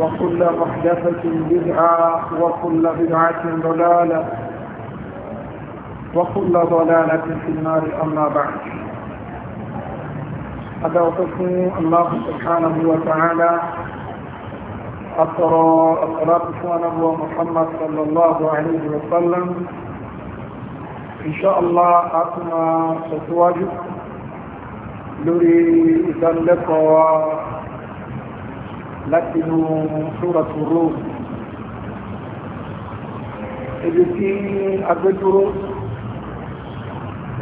وكل محدثة بدعة وكل بدعة ضلالة وكل ضلالة في النار أما بعد أدعوكم الله سبحانه وتعالى أترى الصلاة على محمد صلى الله عليه وسلم إن شاء الله أتنا ستواجه لوري إذا لقوا láti inú ṣúrọ̀tù róò ebi tí agbẹ́dúró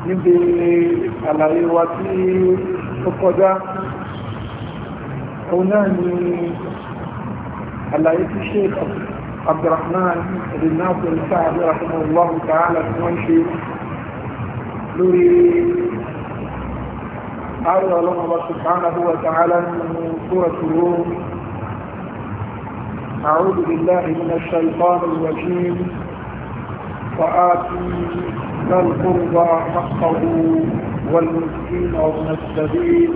níbi àlàyé wa tí ó kọjá òun náà ni àlàyé tí ṣe Abdurrahman ìrìnàbò ìsáàbí rahimahullahu ta'ala tí wọ́n ṣe lórí ààrẹ ọlọ́mọba subhanahu wa ta'ala nínú ṣúrọ̀tù róò أعوذ بالله من الشيطان الرجيم وآتي ذا القربى حقه والمسكين ومن السبيل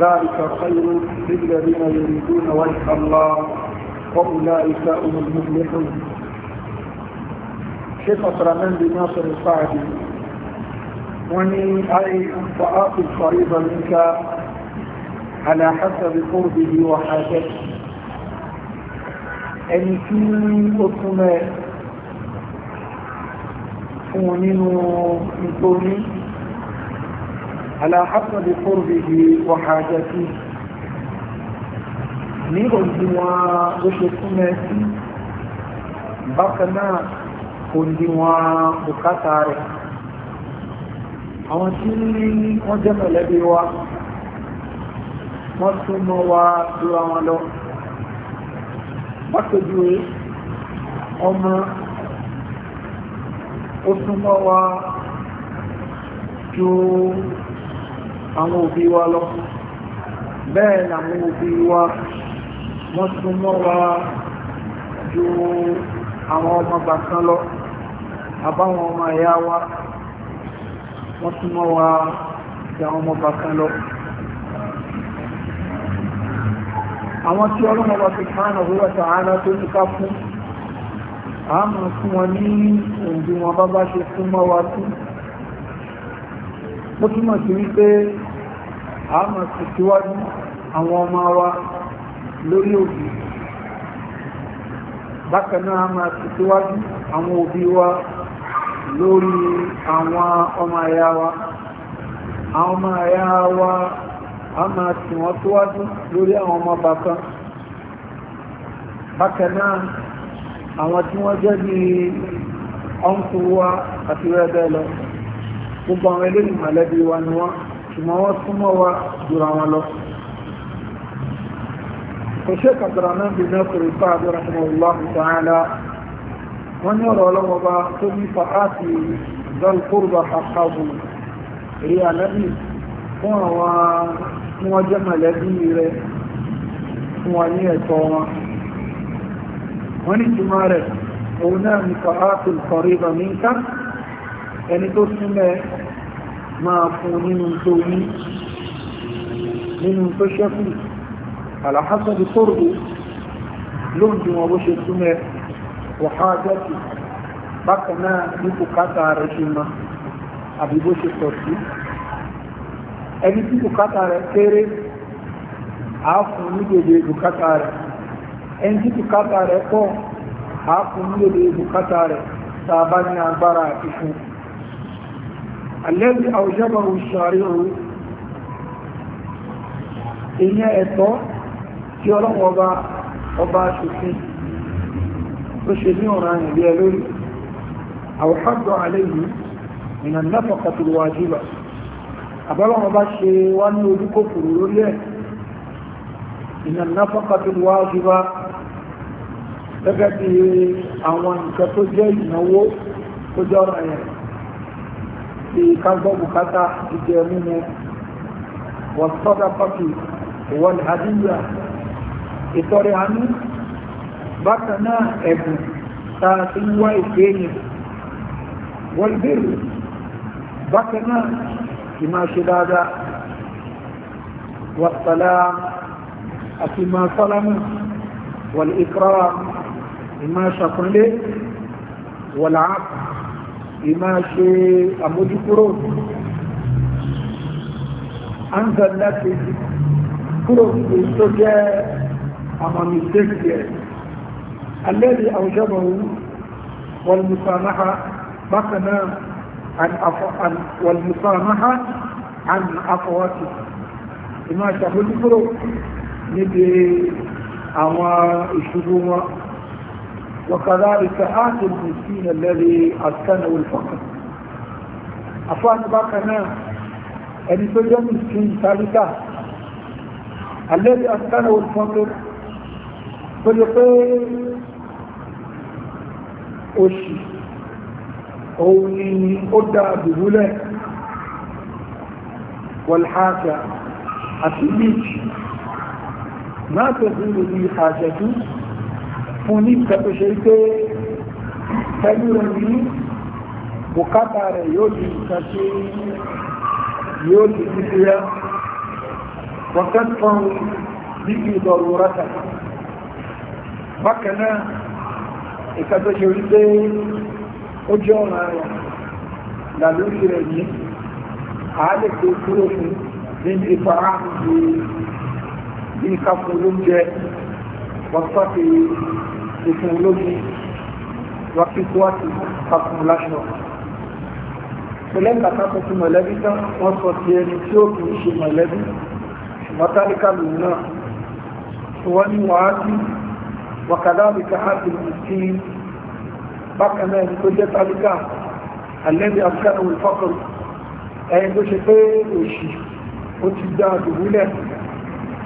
ذلك خير للذين يريدون وجه الله وأولئك هم المفلحون شيخ أسرمان بن ناصر الصعدي وني أي فآتي القريب منك على حسب قربه وحاجته ẹni tí ó túnmọ̀ fún wọn nínú nítorí aláhàtàdé fórbìdì wàhájá sí ní òǹdíwọ̀n ló ṣe túnmọ̀ sí bákan náà òǹdíwọ̀n bùkátà rẹ̀ àwọn tí wọ́n jẹ́ mọ̀lẹ́bí wa wọ́n túnmọ̀ wa dúra wọn lọ́wọ́ pápẹ́júwe ọmọ ó súnmọ́ wa ju àwọn òbí wa lọ bẹ́ẹ̀ làwọn òbí wa wọ́n súnmọ́ wa ju àwọn ọmọ bàkan lọ àbáwọn ọmọ ẹ̀yà wa wọ́n súnmọ́ wa ju àwọn ọmọ bàkan lọ àwọn tí ọlọ́run ọba subhanahu wa ta'ala tó ní ká fún àmọ́ fún wọn ní òǹdí wọn bá bá ṣe fún mọ́ wa sí ó túmọ̀ sí wípé àmọ́ sì síwájú àwọn ọmọ wa lórí òbí bákan náà àmọ́ sì síwájú àwọn òbí wa lórí àwọn ọmọ àyà wa àwọn ọmọ àyà wa a máa tì wọ́n síwájú lórí àwọn ọmọ ọba kan bákan náà àwọn tí wọ́n jẹ́ bí ọ̀nkú wa àti rẹ́bẹ́ lọ gbogbo àwọn eléyìí mọ̀lẹ́bí wa ni wọ́n ṣùgbọ́n wọ́n súnmọ́ wa jùra wọn lọ kò ṣe kàtàrà náà bí náà kòrò ipá àbúrà fún ọlọ́run tààlà wọ́n ní ọ̀rọ̀ ọlọ́wọ́ bá tó ní fàáàtì zọlkúrbà àkàbù èyí ànábì fún àwọn tí wọ́n jẹ́ mọ̀lẹ́bí rẹ̀ fún wa ní ẹ̀tọ́ wọn wọ́n ní túnmọ́ rẹ̀ òun náà ní kọ̀ọ́tù kọ̀ríbà níta ẹni tó súnmẹ́ máa fún nínú tó ní nínú tó ṣẹ́kù aláhásọ́dù tóòrò lóun tí bó ṣe súnmẹ́ wàhájọ́tù bákan ní bùkátà rẹ̀ ṣe mọ́ àbí ṣe pọ̀ sí ẹni tí bùkátà rẹ̀ kéré àáfún ní dèdè rẹ̀ ẹni tí bùkátà rẹ̀ pọ̀ àáfún ní bukata rẹ̀ tàbá ní agbára àti fún alẹ́bí àwùjọba òṣàrí òru ìyẹn ẹ̀tọ́ tí ọlọ́wọ́ ọba ọba tó ṣe ní ọ̀ràn ìlú ẹ lórí àwòhágbọ́ àlẹ́ yìí àbọ́lọ́wọ́ bá ṣe wá ní olúkòkòrò lórí ẹ̀ ìnànà fọ́kàtí wá jùlọ gẹ́gẹ́ bí àwọn nǹkan tó jẹ́ ìnáwó tó jẹ́ ọ̀rọ̀ ẹ̀ bí kágbọ́ bùkátà ìjẹ mímu wọ́n sọ́dá pọ́kì wọ́n àdíyà ìtọ́rẹ àánú bákan náà ẹ̀bùn tàà tí ń wá ìgbéyìn wọ́n bèèrè bákan náà أكما شدادا والسلام أكما صلم والإكرام إما شكر لي والعب إما شيء أمود كروت أنزل لك كروت السجاء أمام الزجاء الذي أوجبه والمسامحة بقنا عن عن والمسامحة عن أخواته إما شهد الفروق نبي أما الشجوع وكذلك آت المسكين الذي أسكنه الفقر أفعل بقنا أن يتجه مسكين ثالثة الذي أسكنه الفقر فلقي أشي òun ni ó dá dùbúlẹ̀ wọlháàkà àti bíìtì máa tó dúró ní àjẹ̀dú fún ní ìtẹ́tọ́ṣe pé pẹ̀lú rẹ̀ ní bùkátà rẹ̀ yóò di nǹkan yóò di títúyá wọ́kẹ́tọ̀ọ́ bí ó jẹ́ ọ̀ràn rẹ̀ làlórí rẹ̀ yìí àálẹ̀ tó kúrò fún níbi ìfara àti bí káfún olóúnjẹ wàtúwàtí ìfún olómi wàkíkúwàtí káfún láṣọ pẹ̀lẹ́gbà káfún sí mọ̀lẹ́bí tán wọ́n sọ ti ẹni tí ó kìí ṣe mọ̀lẹ́bí ṣùgbọ́n náà wọ́n ní wàá sí wàkàdáàbìkà áàbì mìíràn bákan náà ẹni tó jẹ́ tálíkà alẹ́bí afghanu ìfọ́kàn ẹni tó ṣe pé òṣì ó ti dá àdùbúlẹ̀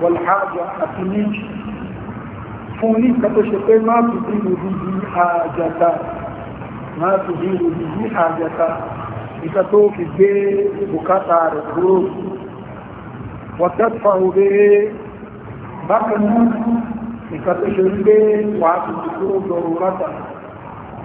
wọ̀lhájà àti níjì fún ní nǹkan tó ṣe pé máa tù bí ìrù bí àjàta máa tù bí ìrù bí àjàta ìta fi gbé bùkátà rẹ̀ kúrò wọ̀tẹ́fà òwe bákan náà ṣe ń gbé wàá tuntun kúrò lọ́rùn látàrí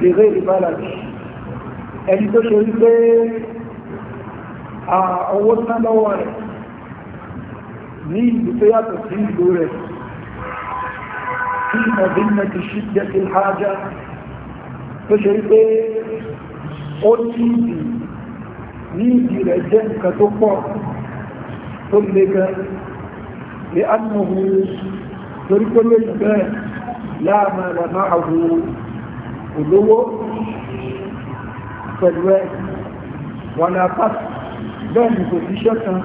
lèrè ìbálàjì ẹni tó ṣe rí pé owó tán lọ́wọ́ rẹ̀ ní ìlú tó yàtọ̀ sí ìlú rẹ̀ tí ọdínlẹ̀ ti ṣí jẹ́ ti hájá tó ṣe rí pé ó ní ìdí ní ìdí rẹ̀ jẹ́ nǹkan tó pọ̀ tó lè gan lè ánàwó torí pé lóyìn bẹ́ẹ̀ láàmà làmáàwó olówó pẹ̀lú ẹ wọn náà pass bẹ́ẹ̀ ni kò sí ṣẹ́kan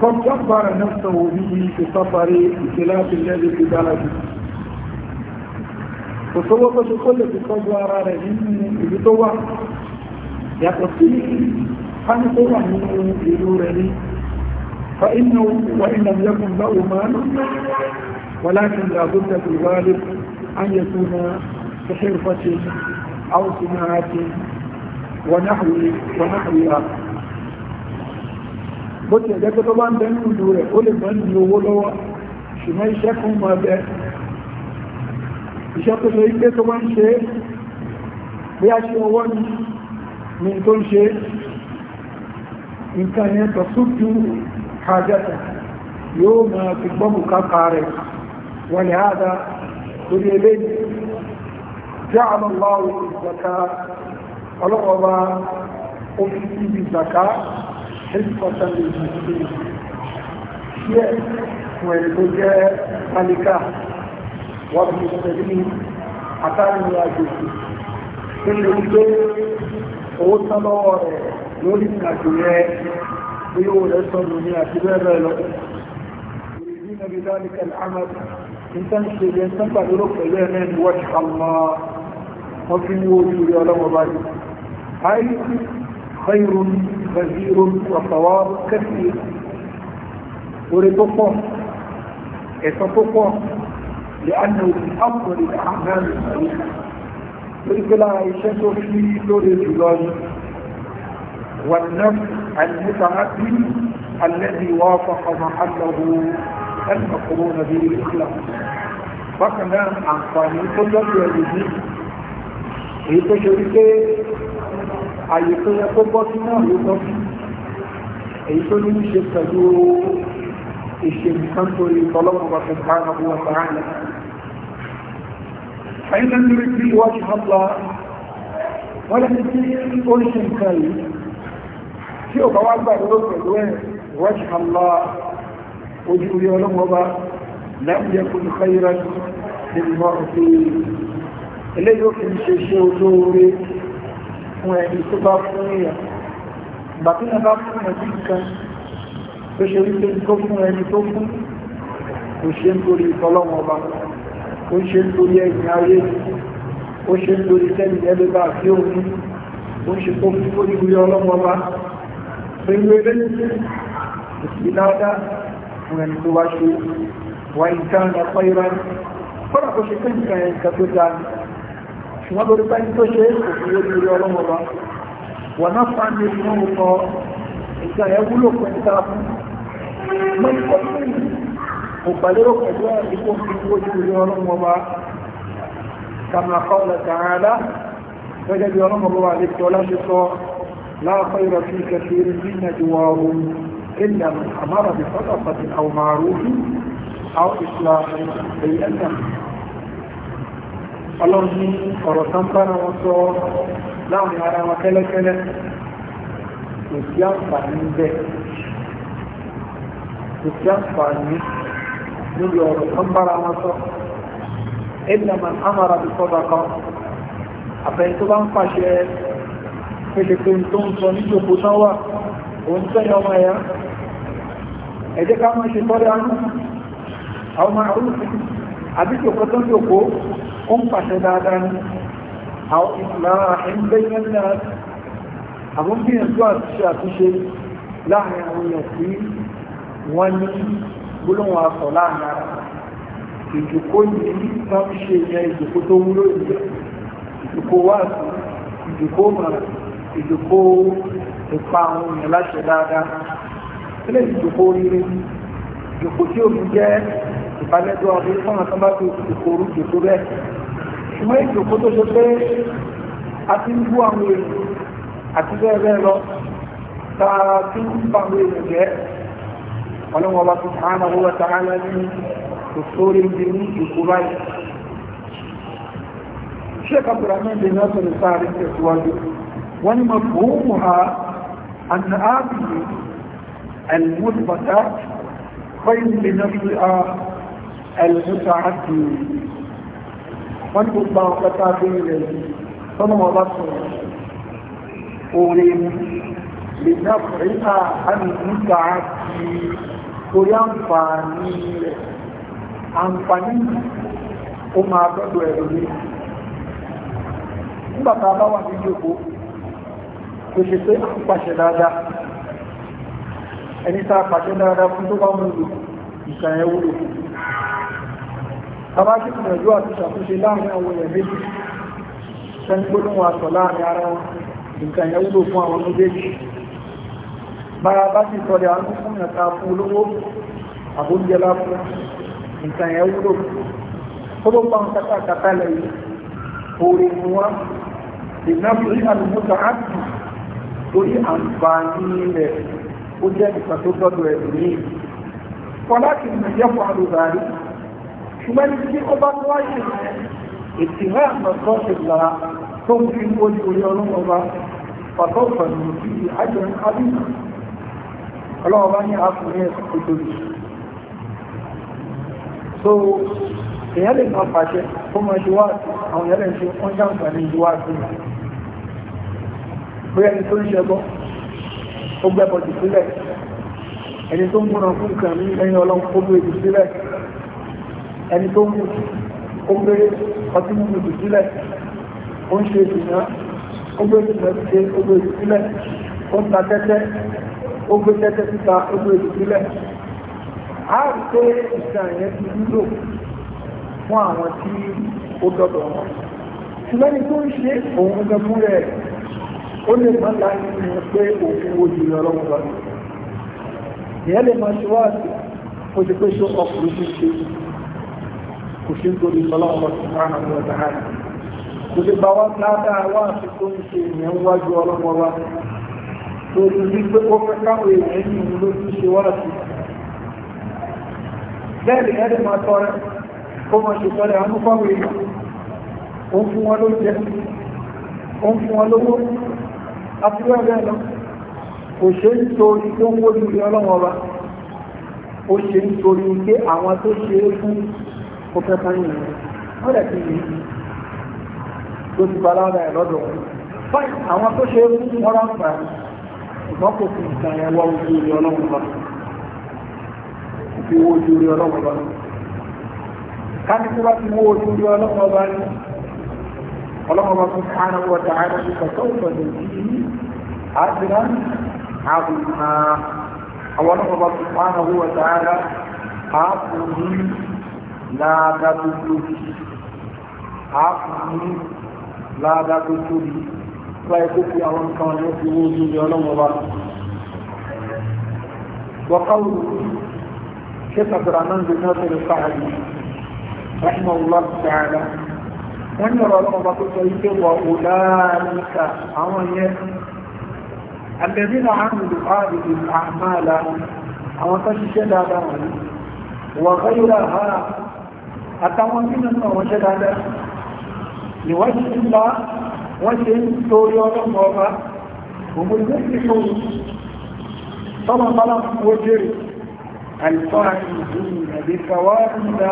kọ́ńtàbára náà sanwó bíbí ṣe sáfàrí ìṣẹ̀lẹ̀ àtìlẹ́ lè fi dára jù kò sówó kó ṣe kó lè fi tọ́jú ara rẹ̀ nínú ìlú tó wà yàtọ̀ sí fáni tó wà nínú ìlú rẹ̀ ní فإنه وإن لم يكن له مال ولكن لا بد في الغالب كحرفة أو سماعة ونحو ونحوها bó ti ẹ̀jẹ́ tó bá ń bẹ̀rẹ̀ ìlú rẹ̀ ó lè mọ́ ní owó lọ́wọ́ ṣùgbọ́n iṣẹ́ kan máa bẹ́ iṣẹ́ tó ṣe ipé tó wọ́n ń ṣe bí a ṣe ọwọ́ ní tó ń ṣe nǹkan yẹn tọ̀ súnkú kàjẹ́ta yóò máa fi gbọ́mù kápa rẹ̀ wọ́n lè áàdá lórí eléyìí جعل الله الزكاة ọlọ́wọ́ba òfìsí ibi zaka ẹ̀sìkọ̀tàn ìgbìsí sí ẹ̀ fún ẹ̀rẹ̀ tó jẹ́ alika wà bí ìṣẹ̀lẹ̀ àtàrin àjòjì tó lè gbé owó tán lọ́wọ́ rẹ̀ lórí ìrìnàjò rẹ̀ bí ó rẹ̀ sọ̀rọ̀ ní àti bẹ́ẹ̀ bẹ́ẹ̀ lọ ìrìnàjò dáríkà al'amad ní tán ṣe rẹ̀ tán pàdúró pẹ̀lú ẹ̀mẹ́ ni wọ́n ti kàlọ́ فضل وجود ألم وبعد عائلة خير غزير وطواب كثير ورتقه يتطقه لأنه من أفضل الأعمال تلك العائشة في دور الرجال والنفس المتعدل الذي وافق محله المقرون به الاخلاق. فكمان عن صاحب الفضل يجوز èyí tó ṣe wípé àyè tó yẹ kó bọ́ sí náà ló bọ́ sí èyí tó ní ṣe pẹ̀lú ìṣèlú kan torí tọ́lọ́mọba tó bá àwọn ọmọ ọmọ rẹ̀ فإن المريد وجه الله ولا تدري كل شيء كاي في أقوال بعد وين وجه الله وجه يوم وبا لم يكن خيرا للمرء eléyìí ó fi ṣe ṣe olóore fún ẹni tó bá fún èèyàn ìgbà tí wọn bá fún ẹni kan tó ṣe wípé tó fún ẹni tó fún kò ṣe ń torí ìtọ́lọ́wọ́n ọba ó ṣe ń torí ẹ̀yìn ayé ó ṣe ń torí tẹ́lì ẹgbẹ́ bá àti òun ó ṣe tó fún ó nígbé ọlọ́wọ́ ọba pẹ̀lú eré ìsìnláàdá fún ẹni tó wá ṣe wáyé káàkiri pẹ́ẹ́rẹ́ fọ́nà kò ṣe pé nǹkan ẹ̀ka tó dáa ṣùgbọ́n lórí báyìí tó ṣe kò fi wé lórí ọlọ́wọ́ wa wọ́n náà fà ní ìfún ọkọ ìgbà ẹ̀ wúlò pẹ̀lú ta fún mọ́ ìkọ́ sí kò gbàlérò pẹ̀lú àdìpọ̀ fi wé lórí ọlọ́wọ́ wa kàmà kọ́lẹ̀ tààdá gẹ́gẹ́ bí ọlọ́wọ́ wa lè fi ọlá ṣe sọ láàpọ̀ ìrọ̀sí kẹfìrí nínú ìwà ọ̀run إلا من أمر بصدقة أو معروف أو إصلاح بين الناس ọlọ́run ní ọ̀rọ̀ tán bára wọn sọ láwọn ara wọn kẹ́lẹ́kẹ́lẹ́ kò sí àǹfààní bẹ́ẹ̀ kò sí àǹfààní níbi ọ̀rọ̀ tán bára wọn sọ ẹ̀dàmà amara bí sọ́dà kan àfẹ́yìn tó bá ń pàṣẹ pẹ̀lẹ̀pẹ̀ tó ń sọ níjòkó tán wà òun sẹ́yìn ọmọ ẹ̀yà ẹ̀jẹ̀ ká máa ṣe tọ́lẹ̀ àwọn ọmọ àrùn àbíkòkó tó ń ó ń pàṣẹ dáadáa ní àwọn ìsìlára ẹgbẹ́ ìrìnlẹ̀ àbúgbìyànjú àti àtúnṣe láàrin àwọn èèyàn tí wọ́n ní gbólóhùn asọ̀ láàrin ara ìjòkó yìí bá ń ṣe ìyẹn ìjòkó tó wúlò ìjọ ìjòkó wáàsí ìjòkó mọ̀ràn ìjòkó ipa àwọn èèyàn láṣẹ dáadáa sílẹ̀ ìjòkó oríire ìjòkó tí òun jẹ́ ìbálẹ́dọ́ àbúrú fún àtọ́bá tó ìjòkó orú ìjòkó bẹ́ẹ̀ ṣùgbọ́n ìjòkó tó ṣe pé a ti ń bú àwọn èèyàn àti bẹ́ẹ̀ lọ tààrà tí ń bá àwọn èèyàn jẹ́ ọlọ́wọ́ bá ti tààrà owó tààrà ní òṣòrí ń bí ní ìkó báyìí ṣe kàbùrà náà lè náà sọ̀rọ̀ sáàrí tẹ̀síwájú wọ́n ni mafhumu ha an ábìyí al-mudbata khayrun li nafsiha al-muta'addi wọ́n ní gbogbo àwọn pẹ́ta abẹ́rẹ́ rẹ̀ yìí tọ́nà wọn bá sọ òòrè mu lè ná fẹ́ta àmì nígbà ti torí àǹfààní rẹ̀ àǹfààní ó máa gbọ́dọ̀ ẹ̀rọ ní nígbà bá wà ní ìjókòó kò ṣe pé a dáadáa ẹni tá a pàṣẹ dáadáa fún tó bá mú lò ìkànnì ẹwúlò fún bàbá sì gbìyànjú àti ṣàtúnṣe láàrin àwọn èèyàn méjì sẹ́ni gbólóhùn àtọ̀ láàrin ara wọn nǹkan yẹn wúlò fún àwọn méjèèjì bára bá sì sọ̀rọ̀ àwọn fún ìrìnàta fún olówó àbójẹ́lá fún nǹkan yẹn wúlò ó ló bá ń kátàkátà lẹ́yìn orí ni wọ́n ìnáfíì àlùmọ́tà áàtì torí àǹfààní rẹ̀ ó jẹ́ ìpàtótọ́dọ̀ ẹ̀dùn ní kọ́lá kìí nàìjẹ́ fún àlùbárí ṣùgbọ́n ní tí ó bá tó wáyé ètìmọ́ àmọ́kọ́ ìlà tó ń fi ojú orí ọlọ́mọba pàtó ìfọ̀nù sí àjẹrìn abínà ọlọ́mọba ní àkùnrin so èyàn lè máa pàṣẹ fún ọmọ ìjọwà àwọn èyàn lè ṣe wọ́n jàǹfà ẹni tó ń múra fún nǹkan ní ẹ̀yìn ọlọ́run ẹni tó ń mú ó ń gbére ọtí mú mi sílẹ̀ ó ń ṣe ìdùnnà ó gbé ìdùnnà ṣe ó gbé ìdù sílẹ̀ ó ń ta tẹ́tẹ́ ó gbé tẹ́tẹ́ síta ó gbé ìdù sílẹ̀ á rí pé ìsìn àyẹ̀ ti wúlò fún àwọn tí ó dọ́dọ̀ wọn ṣùgbọ́n ní tó ń ṣe òun gan fún ó lè má láyé nínú pé òun wo jù lọ lọ́wọ́ lọ́wọ́ ìyẹn lè máa ṣe wá sí ojú pé ọkùnrin ti ṣe kò ṣe ń torí sọlọ́pọ̀ subhanahu wa ta'ala kò lè bá wá ládàá wá àti tó ń ṣe èèyàn wájú ọlọ́mọ wa torí wípé ó fẹ́ káwọn èèyàn ní ìlú ló tún ṣe wọ́n sí bẹ́ẹ̀lì ẹ̀rì máa tọrẹ ó mọ̀ ṣe tọrẹ àánú fáwọn èèyàn ó ń fún wọn lóúnjẹ ó wa ó ṣe ń torí pé àwọn ó fẹ́ fáyín yẹn wọ́n dẹ̀ ti yìí tó ti bá lára ẹ̀ lọ́dọ̀ fáyín àwọn tó ṣe é wọ́n rà ń fà ṣùgbọ́n kò fi ìtàn ẹ̀ wá ojú orí ọlọ́run lọ fi wo ojú orí ọlọ́run lọ ká ní kí wọ́n ti wo ojú orí ọlọ́run lọ ní ọlọ́run lọ fún káàná wọ́n ta ara ní kọ̀tọ́ ìtọ́jú yìí àdìrán àbùkù àwọn ọlọ́run lọ fún káàná wọ́n ta ara àbùkù yìí láàdá tó tóbi àáfùn ní láàdá tó tóbi láì kó fi àwọn nǹkan ní fi wó ní ilé ọlọ́wọ́ wa wọ́kàwù ṣe pàtàkì náà lè náà tẹ̀lé fáàlì rahma allah ta'ala wọ́n ní ọlọ́wọ́ bá tó sọ wípé wà ó láàrínkà àwọn yẹn الذين عملوا هذه الأعمال أو تشهد هذا وغيرها àtàwọn nínú náà wọ́n ṣe dáadáa ìwádìí ti bá wọ́n ṣe ń torí ọlọ́pọ̀ ọba gbogbo ilé ti sọ́rọ̀ tọ́mọ bala wó jèrè àìsọ́ra ìlú àbí kàwá nígbà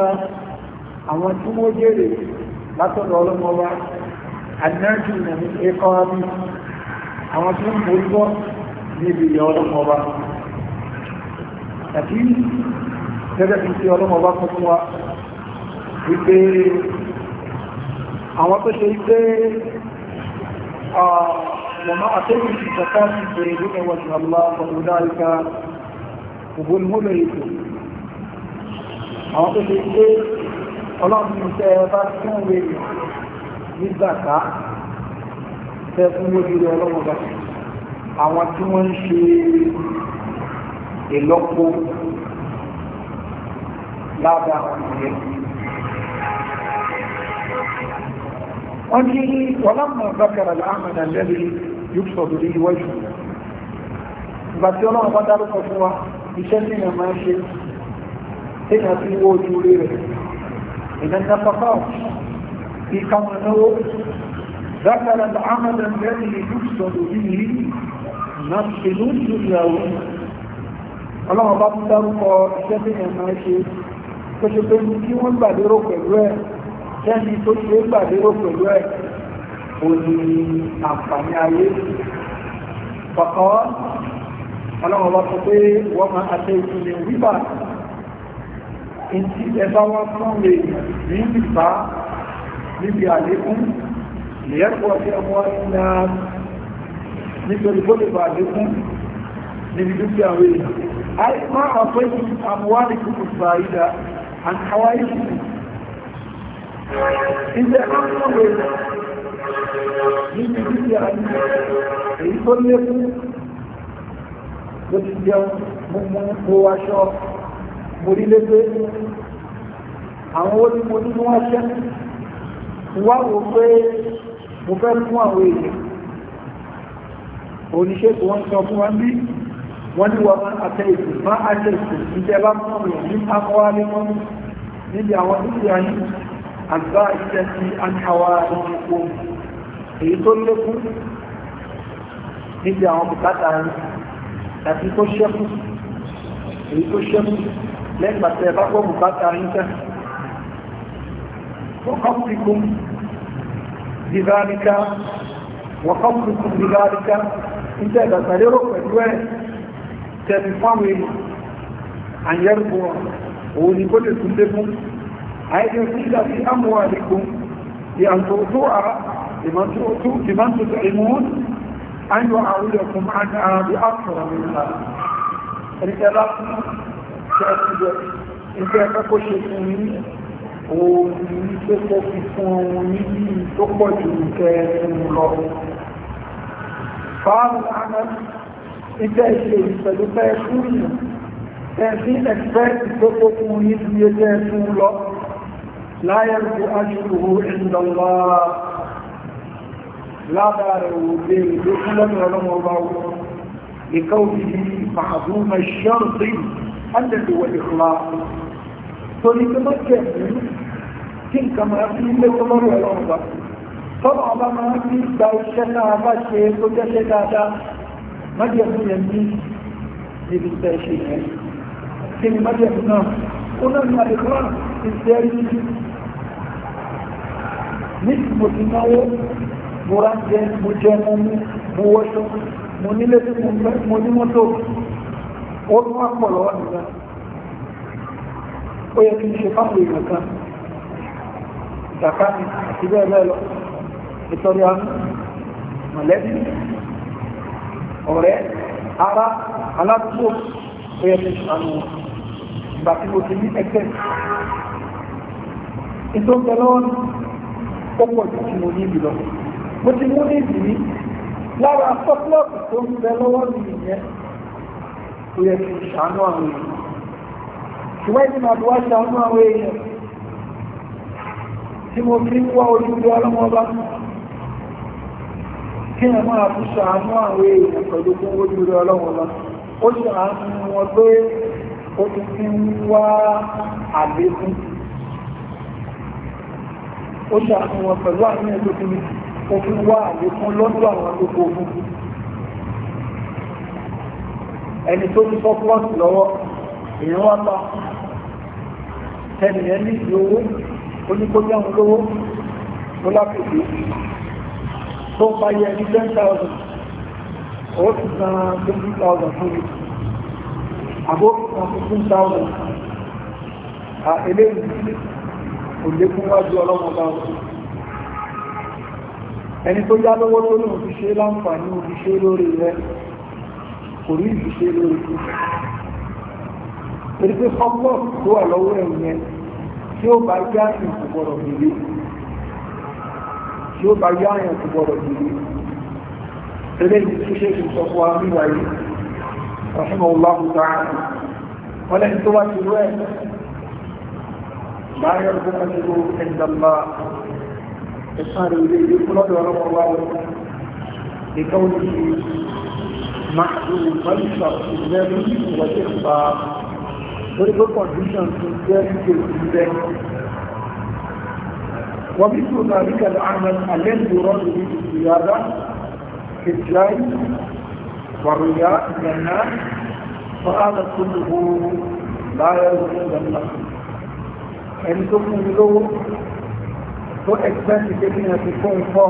àwọn tí wó jèrè látọ̀dọ̀ ọlọ́pọ̀ ọba àdínájú ìrìnàmí ẹkọ́ àbí àwọn tí ń borí bọ́ níbi ìyá ọlọ́pọ̀ ọba gẹ́gẹ́ bí ti kọ́kọ́ wípé àwọn tó ṣe wípé wọ̀má àtẹ́yìn ti zaka ti bèèrè lókè wọ̀sùn aláàbọ̀lódá ìka ògbón múlò ètò àwọn tó ṣe wípé ọlọ́run tẹ́ bá tún wé ní zaka tẹ́ fún wé ọlọ́run bá àwọn tí wọ́n ń ṣe ìlọ́pọ̀ lábẹ́ àwọn ìyẹn وني ولما ذكر العمل الذي يقصد به وجهه بس يلا ما دارك فوا يشني ما شيء هنا في وجوده من النفقات في كونه ذكر العمل الذي يقصد به نفس الدنيا الله بابا دارك فوا يشني ما شيء فشبه كيوان بعد روك الوقت jẹ́ni tó ṣe gbàdérò pẹ̀lú ẹ̀ ò ní àǹfààní ayé kọ̀kọ́ ọlọ́run bá sọ pé wọ́n máa àtẹ ìpínlẹ̀ wípà ìtì ẹbá wọn fún lè ní ìbá níbi àlékún lèyẹ́pọ̀ sí ọmọ iná nítorí bó lè bá àlékún níbi dúkìá wéyà. àìmọ́ àpẹ́yìn àmúwálì kùkù bàyídà Ìjẹ́ ọmọ ìlú níbi títí àmì èyí tó lékú ló ti jẹun mú mú kó aṣọ mo rí lépé àwọn ó ní mo nínú aṣẹ́ wá wò pé mo fẹ́ fún àwọn èèyàn oníṣègùn wọ́n sọ fún wa bí wọ́n ní wọ́n àtẹ ìsù má àtẹ ìsù ìjẹba fún ọmọ ìlú akọ́wálé wọn níbi àwọn dúkìá yìí àgbáyíjẹ́sí àkàwà ìpò èyí tó lékún níbi àwọn bùkátà rẹ̀ tàbí tó ṣẹ́kù èyí tó ṣẹ́kù lẹ́yìn bàtẹ̀ bá gbọ́ bùkátà rẹ̀ tẹ́ wọ́kọ́pìkún bíbáríkà wọ́kọ́pìkún bíbáríkà ń tẹ́ ìdàgbàlérò pẹ̀lú ẹ̀ tẹ̀lifáwé àyẹ̀rùbọ̀ òun ni kó lè tún lékún عايزين تجد في أموالكم لأن تؤتوها لمن تؤتوا لمن تطعمون أن يعاودكم عنها بأكثر منها رجالات كاتبة إن كان كوشكم òun tó kọ́ fi fún ọmọ níbi tó pọ̀ jù kẹrin lọ. Fáàmù àmà ìjẹ́ ìṣe ìpẹ̀lú bẹ́ẹ̀ fún ìyàn, ẹ̀sìn ẹ̀fẹ́ ìtókò fún níbi ẹgbẹ́ fún lọ. لا يرجو أجره عند الله لا داروا بين دخلا ولا مرضاه لكونه معظوم الشرط الذي هو الإخلاص فلتمكن تلك ما في لتمر ولا طبعا ما في دوشنا بشيء وجشد دادا ما يكون يمين لبنت شيء كلمة يمنع قلنا في الثاني ní mo ti náwó mo rá jẹ mo jẹ mo mú mo wọṣọ mo nílé tí mo fẹ́ mo ní mọ́tò ó tún wá pọ̀ lọ́wọ́ nìkan ó yẹ kí n ṣe fáwọn èèyàn kan ìtàkà mi àti bẹ́ẹ̀ bẹ́ẹ̀ lọ ìtọ́jú àánú mọ̀lẹ́bí ọ̀rẹ́ ara aládùúgbò ó yẹ kí n ṣàánú wọn ìgbà tí mo ti ní ẹgbẹ́ ìtọ́jú lọ́wọ́ ó pọ̀ tí mo ní lọ mo ti mú ní lára sọ́pọ́ọ̀tù tó ń bẹ lọ́wọ́ mi nìyẹn ó yẹ kí n àwọn èèyàn ṣùgbọ́n ìdí màá bí wá ṣàánú àwọn èèyàn tí mo fi ń wá olùdó ọlọ́mọba kí ẹ máa fi ṣàánú àwọn èèyàn pẹ̀lú fún olùdó ọlọ́mọba ó ṣàánú wọn pé ó ti fi ń wá àlékún ó ṣàfihàn wọn pẹ̀lú àwọn ẹgbẹ́ tó ní òfin wá àlékún lọ́dọ̀ àwọn àgbègbè òfin ẹni tó ní fọ́pọ́ọ̀sì lọ́wọ́ èèyàn wá pa ẹnìyàn ní ìlú owó oníkójá òun lówó tó lápèsè tó ń parí ẹni ten thousand ó ti san twenty thousand fún mi àbó fifteen thousand eléyìí kò lékún wájú ọlọ́wọ́ bá wọn ẹni tó yá lọ́wọ́ tó lòun fi ṣe láǹfààní òbí ṣe lórí rẹ kò rí ìbí ṣe lórí rẹ torí pé fọ́pọ̀ tó wà lọ́wọ́ ẹ̀ yẹn tí ó bá yá àyàn kò gbọ́dọ̀ gbèrè tí ó bá yá àyàn gbèrè tẹ́lẹ̀ yìí ما لا منه عند الله إشار إليه يقول ورب الله لكونه محذوفا شرطيا وإخفاء ضرب conditions very good ومثل ذلك العمل الذي يراد به الزيادة في الجاي والرياء من الناس فهذا كله لا يرجو عند الله ẹni tó fún mi lówó tó ẹgbẹ́sì pé kí ẹ̀sìn fún ìfọ́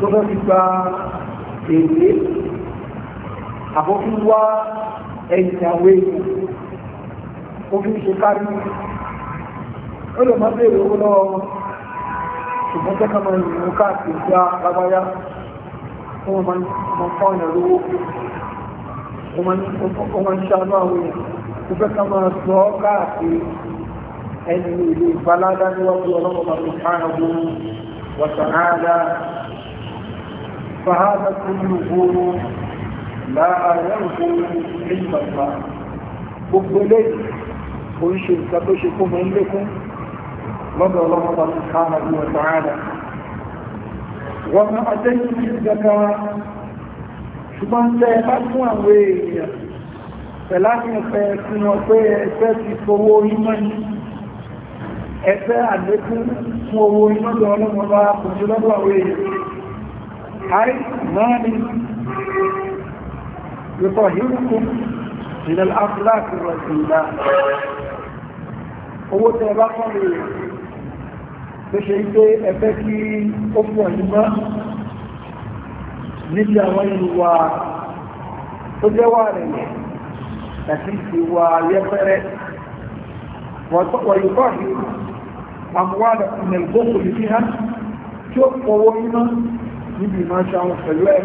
tó fẹ́ fi gba èdè àbókí wá ẹ̀yìn àwọn èèyàn ó fi ń ṣe kárí ó lè má bèèrè owó lọ́wọ́ ṣùgbọ́n jẹ́ ká máa yìnbọn káàkiri gba lágbáyá ó máa fọ́ ọ̀nà lówó ó máa ń ṣàánú àwọn èèyàn ó fẹ́ ká máa sọ ọ́ káàkiri ẹni ìlú ìbaládá níwájú ọlọ́mọba subhanahu wa ta'ala fahada kulluhu láàárẹ̀ òkúrú ní ìgbàgbà gbogbo eléyìí kò ń ṣe nǹkan tó ṣe fún mi ń lékún lọ́dọ̀ ọlọ́mọba ṣùgbọ́n tẹ́ bá fún àwọn èèyàn pẹ̀lá ní ọ̀fẹ́ ẹgbẹ́ ti fowó orí mọ́ yìí ẹ̀fẹ́ àlékún fún owó iná lọ ọlọ́mọba kò jù lọ́dọ̀ àwọn èèyàn náà ni yóò hìrùkún ìlẹ̀ afúláàkì rọ̀ ìlà owó tẹ́ bá kọ́ lè tó ṣe pé ẹ̀fẹ́ kí ó pọ̀ nígbà níbi àwọn ìwà tó jẹ́wà rẹ̀ àti ìwà yẹpẹrẹ wọ̀yùkọ́ hìrùkún àmúwádà ìnẹ̀lùgbòkò lè fi hàn tí ó pọ̀wọ́ iná níbi ìmọ̀ ṣe àwọn pẹ̀lú ẹ̀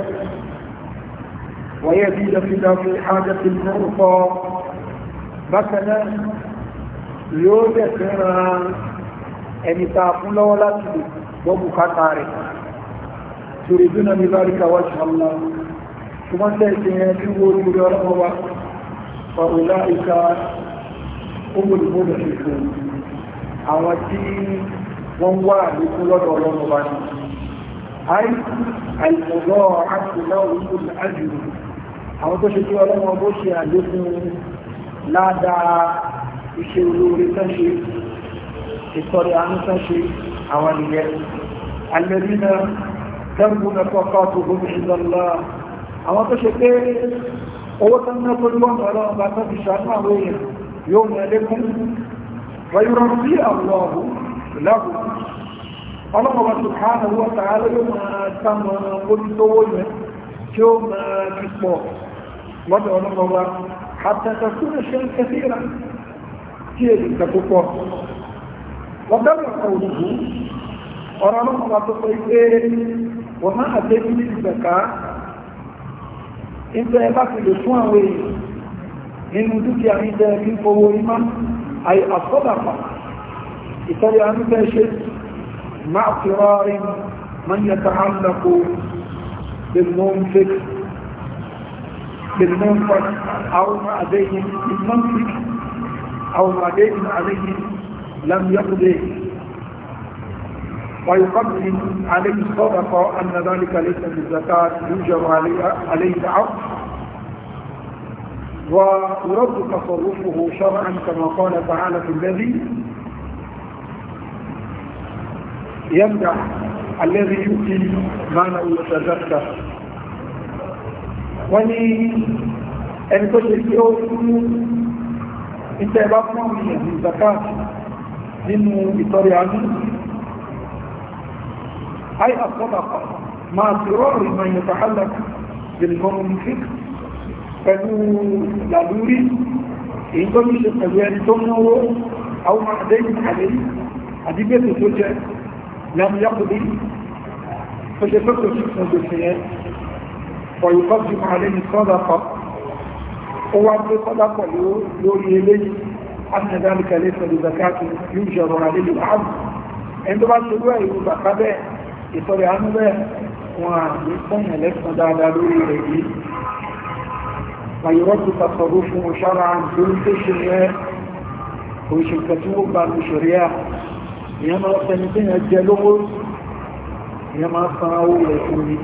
wọ̀nyẹ́ bí ìdàfídà fi ájá ti mú ọ̀pọ̀ bákanáà yóò dẹ̀ fẹ́ràn ẹni ta fún lọ́wọ́ láti lè gbọ́ rẹ̀ torí bí náà ní báríkà rí ọlọ́wọ́ wa ṣe àwọn tí wọ́n wà lókún lọ́dọ̀ ọlọ́run bá ní àìsànlọ́ àtìlá orúkú àjùrù àwọn tó ṣe tí ọlọ́run bó ṣe àlékún ládàá iṣẹ́ olóore tán ṣe ìtọ́rẹ àánú tán ṣe àwọn ìyẹn alẹ́rìnà dẹ́gbùn ẹ̀kọ́ kọ́ọ̀tù gómìn ìlọ́lá àwọn tó ṣe wàyúrọ̀sí àlọ́ọ̀bù lẹ́bù ọlọ́pàá subhanahu wa ta'ala yóò máa tàmà olùtọ́wọ́ yẹn tí ó máa ti pọ̀ lọ́dọ̀ ọlọ́pàá àtàkà kúrò ṣe ń kẹsíra tí èdè kẹtù pọ̀ ọ̀dọ́rọ̀ ọ̀rùgbù ọ̀rọ̀ ọlọ́pàá tó pé pé wọ́n máa dé ní ìgbẹ̀ká ìgbẹ̀ láti lè fún àwọn èèyàn nínú dúkìá ìgbẹ̀ fífowó imá أي الصدقة إتالي أنت مع اضطرار من يتعلق بالمنفق بالمنفق أو ما عليه بالمنفق أو ما دين عليه لم يقضي ويقدم عليه الصدقة أن ذلك ليس بالزكاة يوجب عليه العرض ويرد تصرفه شرعا كما قال تعالى في الذي يمدح الذي يؤتي معنى يتزكى وني ان كنت انت بطني من زكاة منه بطريقة اي الصدقة مع اضطرار من يتعلق بالمنفق pẹ̀lú làlúrí èyí tó ní ṣe pẹ̀lú ẹni tó náwó àwọn àdéyìn àlè àdígbèsè tó jẹ lámúyàkùdí tó ṣe tó tó sí fún gbèsè yẹn ọ̀yùkọ́ sí máa lé ní sọ́dàpọ̀ ó wá gbé sọ́dàpọ̀ lórí eléyìí أن ذلك ليس بزكاة يجر عليه العبد عندما تقول يقول بقى بقى يطلع عنه بقى ويستنى ليس مدى داروري رجيل فيرد تصرفه شرعا بالتشريع ويشكتوه بعد الشريعة يما سنتين الجلوغ يما صنعوا لكوني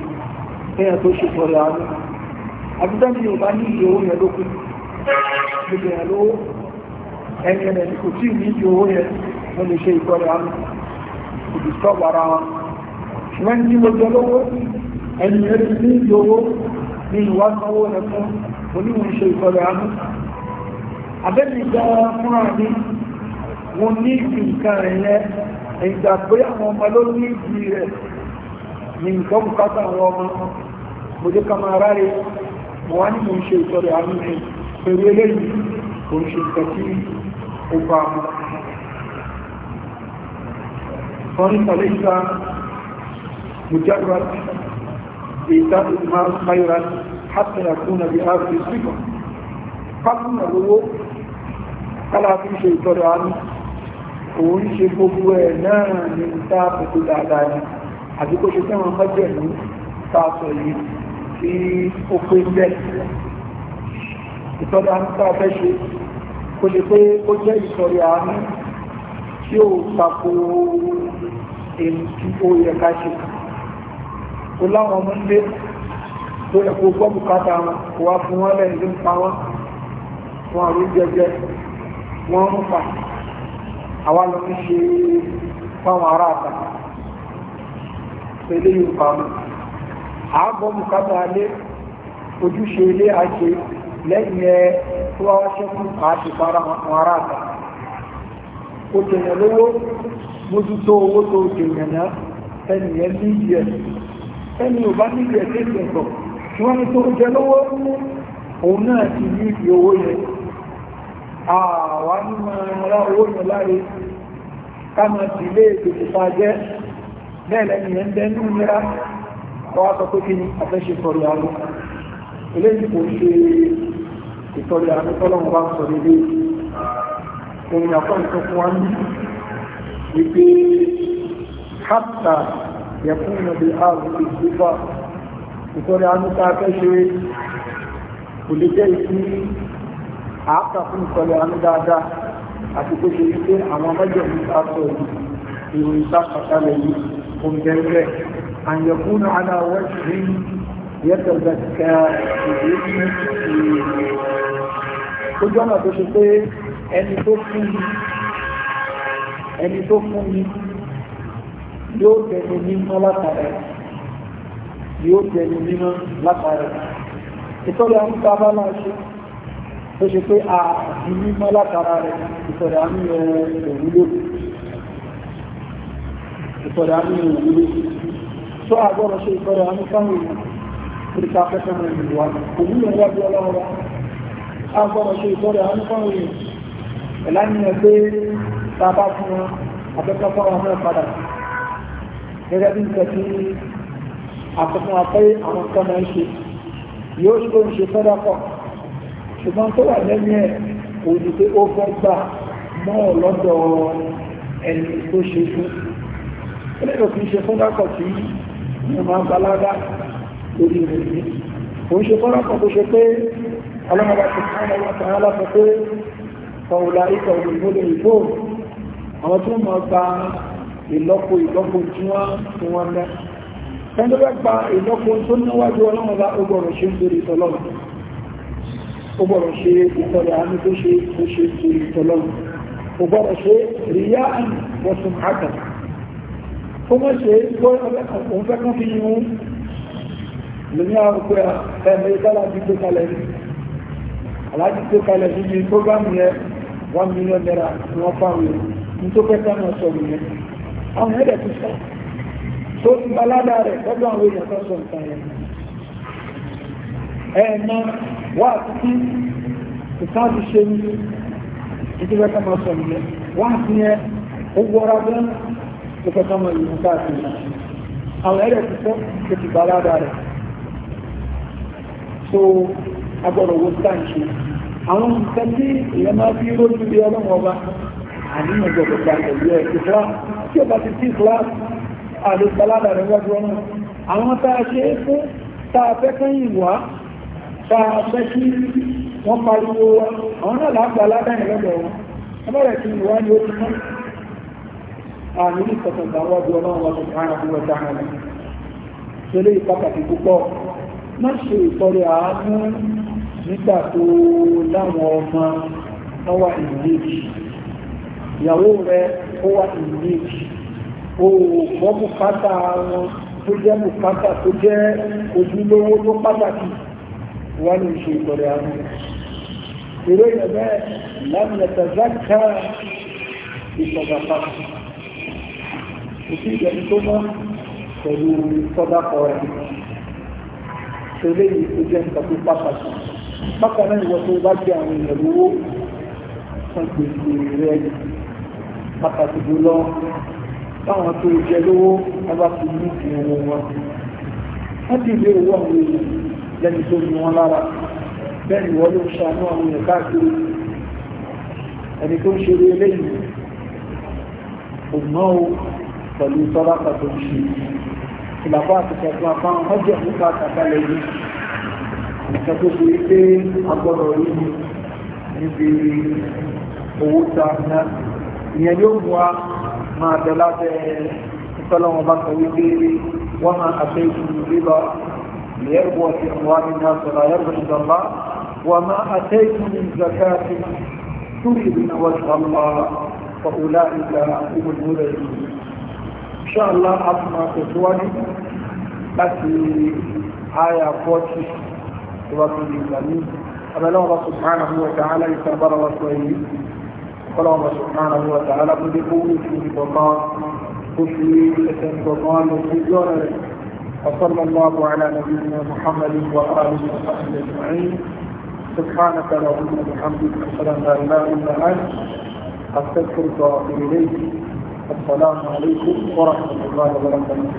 هي توشي فرعان أبدا من يباني يهو يدوكي بجعلوه أن يكتيني يهو يدوكي شيء فرعان وبيستوى رعان شمان دي مجلوغ أن يرسل يهو من واسعه لكوني oníwọ̀n ṣe ìkọlẹ̀ àmú abẹ́nìgbà fúnra ní wọ́n ní ìdí nǹkan ẹ̀yẹ ìgbà pé àwọn ọmọ ló ní ìdí rẹ̀ ní nǹkan bùkátà àwọn ọmọ mo jẹ́ ká máa ráre wọ́n á ní mo ṣe ìkọlẹ̀ àmú ní pẹ̀lú eléyìí ìtàkùn máa ń máyọ́ra sí حتى يكون بهذه الصفة قبل الوضوء فلا في شيء ترعان òun ṣe gbogbo ẹ̀ náà ní táàkùkù dáadáa ni àti kó ṣe tẹ́wọ̀n mọ́jẹ̀ ní tààtọ̀ yìí tí ó pé bẹ́ ìtọ́dá ń tàà fẹ́ ṣe kó ṣe pé ó jẹ́ ìsọ̀rẹ̀ àánú tí ó tako èyí tí ó yẹ ká ṣe kó láwọn ọmọ ń lé tó yẹ kó gbọ́ bùkátà wọn kó wá fún wọn lẹ́yìn ní pa wọn wọn àrùn jẹjẹ wọn ń pa àwa lọ fi ṣe fáwọn ará àtà pẹ̀lú yìí pa wọn àgbọ̀ bùkátà alẹ́ ojúṣe ilé àṣe lẹ́yìn ẹ tó wá ṣẹ́kù àti para àwọn ará àtà ó jẹ̀yàn lówó mójútó owó tó jẹ̀yàn náà ẹnìyẹn níbi ẹ̀ ẹni ò bá níbi ẹ̀ tẹ́sí ẹ̀kọ́ tí wọ́n ní tó jẹ lówó òun náà ti ní ìfi owó yẹn àwà ní máa ra owó yẹn láre káàmà sí ilé ìgbèsè jẹ́ bẹ́ẹ̀lẹ́ ìyẹn ń nira wọ́n sọ pé kí ni àfẹ́ṣe sọ̀rọ̀ àánú eléyìí kò ṣe ìtọ́lẹ̀ àánú tọ́lọ́mù bá ń sọ nílé òun àkọ́ nǹkan fún wa ní wípé hátà yẹ̀kún nàbí àrùn ìtọ́rẹ anúta fẹ́ ṣe kò lè jẹ́ ìsí àápà fún ìtọ́rẹ anú dáadáa àti tó ṣe wípé àwọn mẹ́jọ̀mí sáàtọ̀ ìròyìn sáàpàtàlẹ̀ yìí kò gẹ̀ẹ́rẹ́ àyẹ̀kún aláwọ̀ṣì yẹ́tẹ̀zẹ̀kẹ́ ìwé ṣe pé ẹni yóò tẹnu mímọ́ látara ìtọ́lẹ̀ àmì tá a bá máa ṣe ó ṣe pé a di mímọ́ látara rẹ̀ ìtọ́lẹ̀ àmì òwúlò ìtọ́lẹ̀ àmì òwúlò tó àgbọ̀rọ̀ ṣe ìtọ́lẹ̀ àmì sáwọn èèyàn kíríkà fẹ́fẹ́ rẹ̀ ìlú wa òwúlò wá bí ọlọ́wọ́ àgbọ̀rọ̀ ṣe ìtọ́lẹ̀ àmì sáwọn èèyàn ẹ̀lá ní ẹgbẹ́ tá a bá fún wọn àfẹ́fẹ́ fọ́wọ́ náà padà gẹ́gẹ́ bí nǹkan tí àtọ̀fún apẹ́ àwọn kan máa ń ṣe yóò ṣe ń ṣe sọ́dọ̀kọ̀ ṣùgbọ́n tó wà lẹ́nu ẹ̀ kò ní pé ó fẹ́ gbà mọ́ lọ́dọ̀ ẹni tó ṣe fún ẹlẹ́dọ̀ kì í ṣe sọ́dọ̀kọ̀ tí wọ́n máa balága lórí rẹ̀ ní kò ń ṣe sọ́dọ̀kọ̀ tó ṣe pé ọlọ́mọba ti ká ọlọ́mọba ti rán lọ́sọ pé ọ̀la ikọ̀ òmìnira ìbò àwọn tó máa gba ìlọ́po ìlọ́po tí wọ́n ti wọ́n mẹ́rin ẹni bẹ́ gba ìlọ́pọ̀ tó níwájú ọlọ́run bá ó gbọ́rọ̀ ṣe ń torí ìtọ́lọ́run ó gbọ́rọ̀ ṣe ìtọ́lẹ̀ àmì tó ṣe tó ṣe torí ìtọ́lọ́run ó gbọ́rọ̀ ṣe ríyá àmì wọ́sùn àkà ó mọ́ ṣe òun fẹ́ kán fi yún lóní àwùkọ́ ẹ̀mí ìtọ́lá ti tó kalẹ̀ ní aláàjì tó kalẹ̀ níbi prógámù yẹn one million naira ni wọ́n fáwọn yẹn ní tó fẹ́ kán náà sọ̀rọ̀ yẹn àwọn tó ti balada rẹ̀ lọ́dọ̀ àwọn èèyàn tó sọ nǹkan rẹ̀ ẹ̀ẹ̀mọ wà àtúntí ìta ti ṣe ní ìdíwẹ́ ká máa sọ nìyẹn wà àti yẹn ó wọra gan tó fẹ́ ká máa yìí nǹkan àti ìlànà àwọn ẹ̀rẹ̀ ti fọ́ tó ti balada rẹ̀ so agbọ́dọ̀ wo sáǹṣe àwọn nǹkan tí ìyẹn máa fi rójú bí ọlọ́run ọba àníyàn gbọ́dọ̀ gbà pẹ̀lú ẹ̀ ìfúlá tí ó bá ti sí ìfúlá àlùsọ́ládà rẹ̀ wájú ọ̀nà àwọn táa ṣe é fún táa fẹ́ kẹ́yìn wá táa fẹ́ kí wọ́n pariwo wa àwọn náà lágbà ládàáyìn lọ́dọ̀ wọn ọmọrẹ̀ tí ìwá ni ó ti mọ́ àmì ìsọ̀tọ̀gbà wájú ọ̀nà wọn tó kára fún ọjà rẹ̀ ṣẹlẹ̀ ìpàtàkì púpọ̀ nígbà tó láwọn ọmọ ọwà ìlú ìyàwó rẹ̀ ó ìlú ìlú òòkọ́ bùkátà wọn tó jẹ́ bùkátà tó jẹ́ ojúlówó tó pàtàkì wọ́n ní ṣe ìtọ̀rẹ̀ àwọn eré ìrẹ̀bẹ́ lámìlẹ̀tẹ̀ zákà ìtọ̀gàpá òsì ìjẹ̀bí tó mọ́ pẹ̀lú sọ́dàpọ̀ rẹ̀ ṣeré yìí tó jẹ́ nǹkan tó pàtàkì bákan náà ìwọ tó bá jẹ àwọn èèyàn lówó san gbèsè rẹ̀ pàtàkì jùlọ táwọn tó jẹ lówó ọba fi ní ìwò wọn wọ́n ti lé owó àwọn èèyàn lẹ́ni tó ní wọn lára bẹ́ẹ̀ ni wọ́n ló ń ṣàánú àwọn èèyàn káàkiri ẹni tó ń ṣe eré eléyìí kò mọ́ o pẹ̀lú sọ́dá pàtó ń ṣe ìlàpá àti kẹfún afáwọn wọ́n jẹ́ nípa àtàkálẹ̀ yìí ìṣẹ́ tó ṣe pé agbọ́dọ̀ rí níbi owó ta náà ìyẹn yóò mú wa máa bẹ lábẹ́ ìtọ́lọ́wọ́n bá sọ wípé wọ́n máa àṣẹ ìṣòro rírọ lẹ́rù ọ̀sẹ̀ wà nínú àṣọ̀rọ̀ ayẹ́rù ìjọba wọ́n máa àṣẹ ìṣòro ìjọba تريدون وجه الله فأولئك هم المبلغون إن شاء الله أسمع تسواني التي آية 40 سورة الإسلامية أبلغ سبحانه وتعالى يتبرر وسويه kọ́lọ́mọ̀ ṣùgbọ́n àwọn ọ̀tà في wùsùn ìbọ̀kan كفري وقال وسجارة وصلى الله على نبينا محمد وآله وصحبه أجمعين سبحانك اللهم وبحمدك أشهد أن لا إله إلا أنت أستغفرك وأتوب إليك السلام عليكم ورحمة الله وبركاته